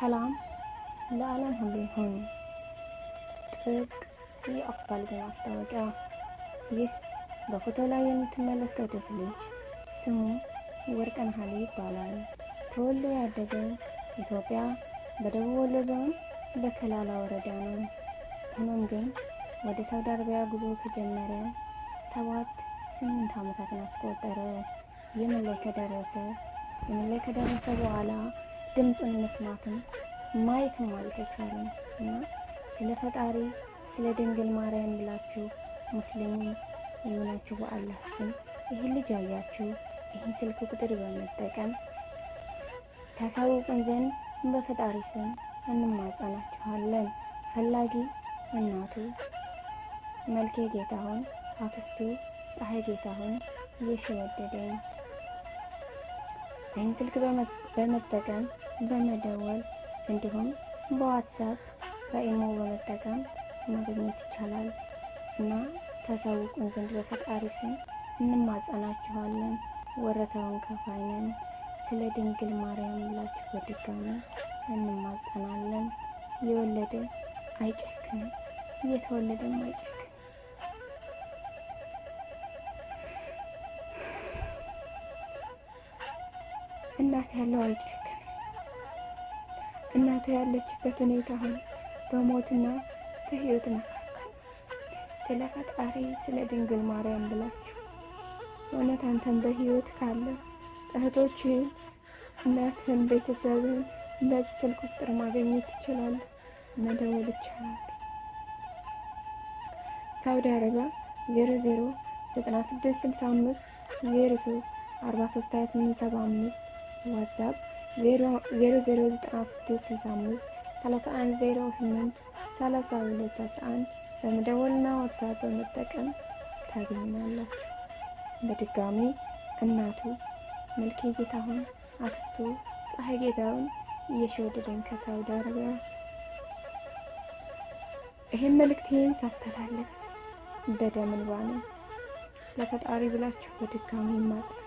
ሰላም ለዓለም ሁሉ ይሁን። ጥብቅ የአፋልጉኝ ማስታወቂያ። ይህ በፎቶ ላይ የምትመለከቱት ልጅ ስሙ ወርቅነሀሌ ይባላል። ተወልዶ ያደገው ኢትዮጵያ በደቡብ ወሎ ዞን በከላላ ወረዳ ነው። ሆኖም ግን ወደ ሳውዲ አረቢያ ጉዞ ከጀመረ ሰባት ስምንት ዓመታትን አስቆጠረ። የምን ላይ ከደረሰ የምን ላይ ከደረሰ በኋላ ድምፁን መስማትም ማየትም አልተቻለም እና ስለ ፈጣሪ ስለ ድንግል ማርያም ብላችሁ ሙስሊም የሆናችሁ በአላህ ስም ይህን ልጅ አያችሁ፣ ይህን ስልክ ቁጥር በመጠቀም ታሳውቅን ዘንድ በፈጣሪ ስም እንማጸናችኋለን። ፈላጊ እናቱ መልኬ ጌታሁን፣ አክስቱ ፀሐይ ጌታሁን፣ እየሸወደደኝ። ወደደኝ ይህን ስልክ በመጠቀም በመደወል እንዲሁም በዋትሳፕ በኢሞ በመጠቀም ማግኘት ይቻላል እና ታሳውቁን ዘንድ በፈጣሪ ስም እንማጸናችኋለን። ወረታውን ከፋይነን ስለ ድንግል ማርያም ብላችሁ በድጋሚ እንማጸናለን። የወለደ አይጨክንም፣ እየተወለደም አይጨክንም። እናት ያለው አይጨክንም። እናቱ ያለችበት ሁኔታ አሁን በሞትና በህይወት መካከል ስለ ፈጣሪ ስለ ድንግል ማርያም ብላችሁ እውነት አንተን በህይወት ካለ እህቶችህን፣ እናትህን፣ ቤተሰብህን እነዚህ ስልክ ቁጥር ማግኘት ይችላል መደወል ይቻላል። ሳውዲ አረቢያ 00 9665 03 43 2875 ዋትሳፕ 00966531083211 በመደወልና ዋትሳፕ በመጠቀም ታገኛላችሁ። በድጋሚ እናቱ መልኬ ጌታሁን፣ አክስቱ ፀሐይ ጌታውን እየሸወደደን ከሳውዲ አረቢያ ይህን መልእክቴን ሳስተላለፍ በደም እንባ ነው። ለፈጣሪ ብላችሁ በድጋሚ ይማጽናል።